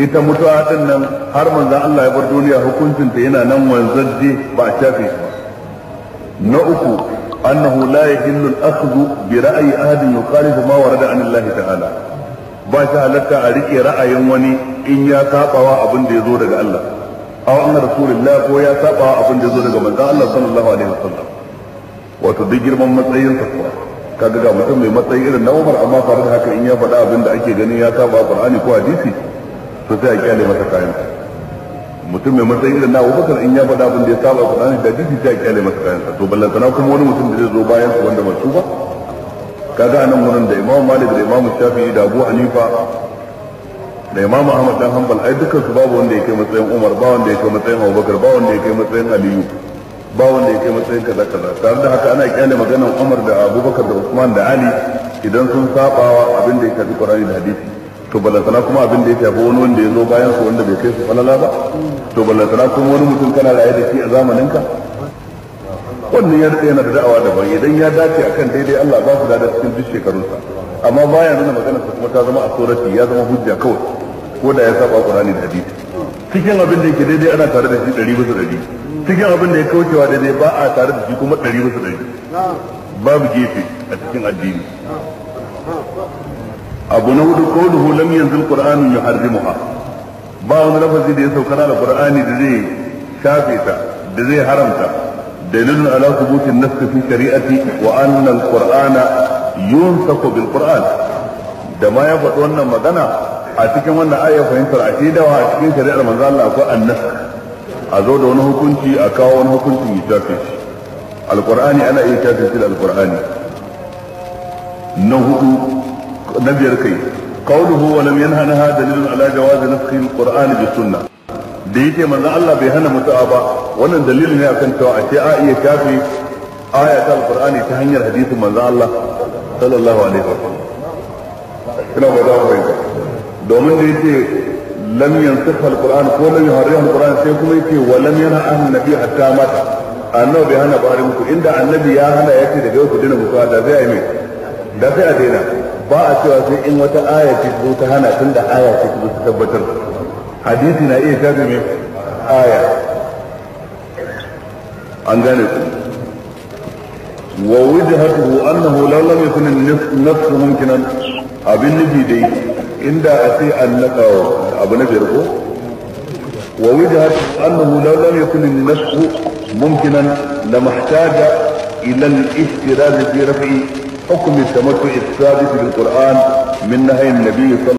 ita mutuwa din nan har manzan Allah ya bar duniya hukuncinta yana nan wanzajje ba a shafe shi na uku annahu la yahillu al-akhdhu bi ra'yi ahadin yukhalifu ma warada an Allah ta'ala ba shi halatta a rike ra'ayin wani in ya sabawa abin da ya zo daga Allah aw anna rasulullah ko ya sabawa abin da ya zo daga manzan Allah sallallahu alaihi wasallam wato duk girman matsayin sa kaga ga mutum mai matsayi irin na Umar amma faru da haka in ya faɗa abin da ake ganin ya saba Qur'ani ko hadisi to sai a kyale masa kayan mutum mai matsayi irin na Abubakar in ya faɗa abin da ya saba Qur'ani da hadisi sai a kyale masa kayan to ballantana kuma wani mutum da zai zo bayan su wanda masu ba kaga anan wurin da Imam Malik da Imam Shafi'i da Abu Hanifa da Imam Ahmad dan Hanbal ai dukkan su babu wanda ya kai matsayin Umar ba wanda ya kai matsayin Abubakar ba wanda ya kai matsayin Aliyu ba wanda ya kai matsayin kaza kaza tare da haka ana kyale maganar Umar da Abubakar da Usman da Ali idan sun sabawa abin da ya shafi Qur'ani da hadisi to balantana kuma abin da ya shafi wani wanda ya zo bayan su wanda bai kai su falala ba to balantana kuma wani mutum kana raye da shi a zamaninka wannan ya daɗe yana da da'awa da daban idan ya dace akan daidai Allah ba su da cikin duk shekarunsa amma baya nuna magana sa kuma ta zama a surati ya zama hujja kawai ko da ya saba Qur'ani da hadisi cikin abin da yake daidai ana tare da shi ɗari bisa ɗari cikin abin da ya kaucewa da zai ba a tare da shi kuma ɗari bisa ɗari babu gefe a cikin addini abu na hudu qawluhu lam yanzil ya yuharrimuha ba wani lafazi da ya sauka na alqur'ani da zai shafe ta da zai haramta dalilun ala thubutin nass fi shari'ati wa anna alqur'ana yunsaku bil qur'an da ma ya faɗi wannan magana a cikin wannan ayar fahimtar a cikin dawa a cikin shari'ar manzo Allah akwai annas a zo da wani hukunci a kawo wani hukunci ya shafe shi alqur'ani ana iya shafe shi da alqur'ani na hudu na biyar kai qawluhu wa lam yanhanaha dalilun ala jawazi nafsi alqur'ani bi sunnah da yake manzo Allah bai hana mutu'a ba wannan dalilin ne akan cewa ashe a iya shafe aya ta alqur'ani ta hanyar hadisin manzo Allah sallallahu alaihi wa sallam ina ba fahimta. domin da yake لم ينصفها القران ولم لم يحررها القران سي كما ولم ينهى عن النبي حتى مات انه بهنا بارين كو اندا النبي يا هنا يتي دغه كو دينا بوكو دا زي ايمي دا زي ادينا با ان وتا ايه تي بو هنا تندا ايه تي بو حديثنا ايه تابي مي ايه عن ذلك ووجهته انه لو لم يكن النفس ممكنا ابن نبي دي اندا اتي ان abu na biyar ko wa wajhat annahu law lam yakun an-nasb mumkinan lam ihtaja ila al-ihtiraz fi raf'i حكم التمتع الثابت بالقرآن من نهي النبي صلى